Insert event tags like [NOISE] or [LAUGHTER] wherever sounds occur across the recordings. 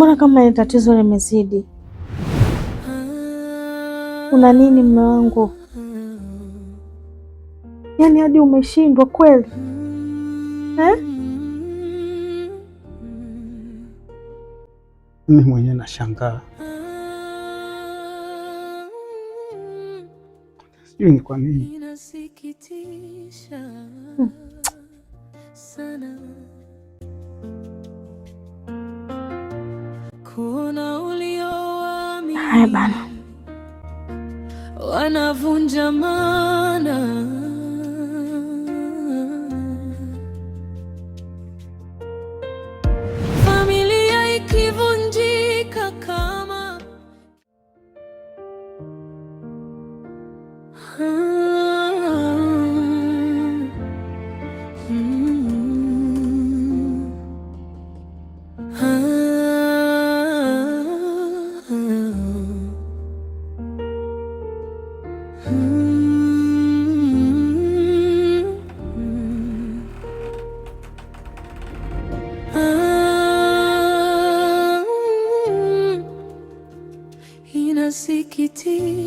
Mbona kama ni tatizo limezidi? Una nini mume wangu? Yaani hadi umeshindwa kweli eh? Mimi mwenyewe nashangaa sijui ni kwa nini hmm. Haya bana, wanavunja mana Familia ikivunjika kama hmm.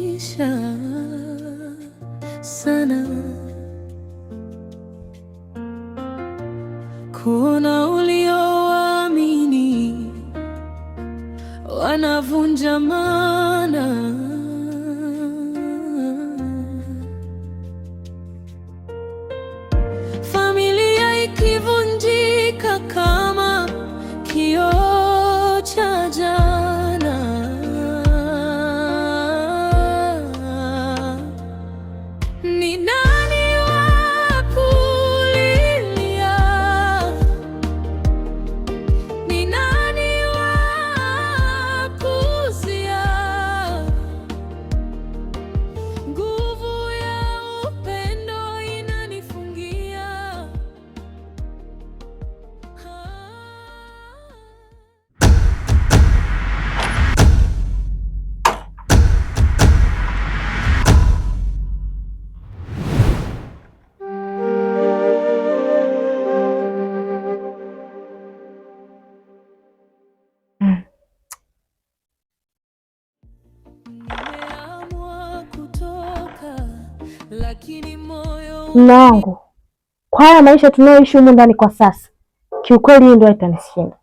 maisha sana kuna uliowaamini wanavunja mana, familia ikivunjika kama kio Mume wangu, kwa haya maisha tunayoishi humu ndani kwa sasa, kiukweli hii ndoa itanishinda.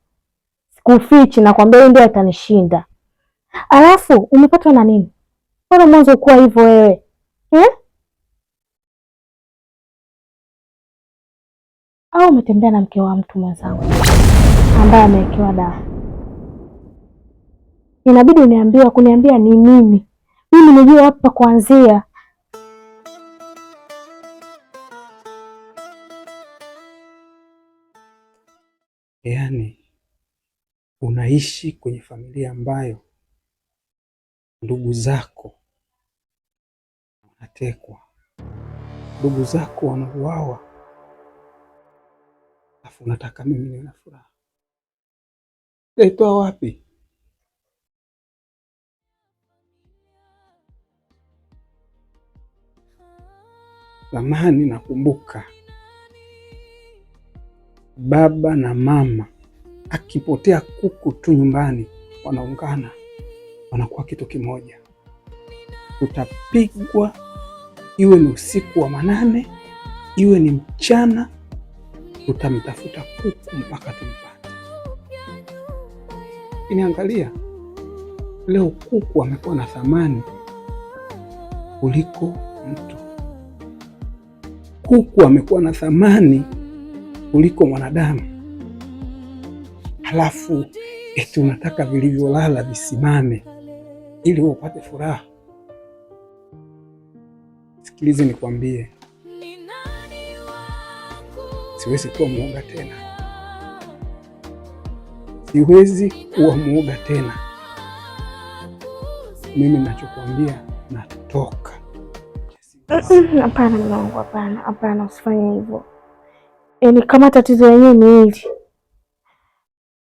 Sikufichi na kwambia, hii ndoa itanishinda. Alafu umepatwa na nini? Mbona mwanzo ukuwa hivyo wewe eh? Au umetembea na mke wa mtu mwenzangu ambaye amewekewa dawa? Inabidi uniambie, kuniambia ni nini, mimi nijue hapa kuanzia Yaani unaishi kwenye familia ambayo ndugu zako wanatekwa, ndugu zako wanauawa, alafu unataka mimi niwe na furaha? Naitoa wapi? Zamani nakumbuka baba na mama, akipotea kuku tu nyumbani, wanaungana wanakuwa kitu kimoja. Tutapigwa iwe ni usiku wa manane, iwe ni mchana, tutamtafuta kuku mpaka tumpate. Kiniangalia leo, kuku amekuwa na thamani kuliko mtu. Kuku amekuwa na thamani kuliko mwanadamu, halafu eti eh, unataka vilivyolala visimame ili wewe upate furaha. sikilizi nikwambie, siwezi kuwa mwoga tena, siwezi kuwa mwoga tena. Mimi nachokuambia natoka. [LAUGHS] Hapana mwanangu, hapana, hapana, usifanye hivyo yani kama tatizo yenyewe ni hili,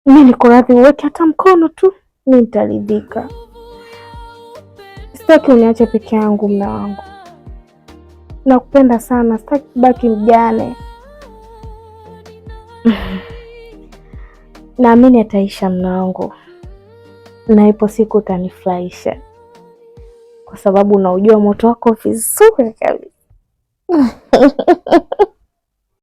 mi niko radhi, uweke hata mkono tu, mi nitaridhika. Sitaki uniache peke yangu, mme wangu, nakupenda sana, sitaki kubaki mjane. [LAUGHS] Naamini ataisha, mme wangu, na ipo siku utanifurahisha, kwa sababu unaujua moto wako vizuri kabisa. [LAUGHS]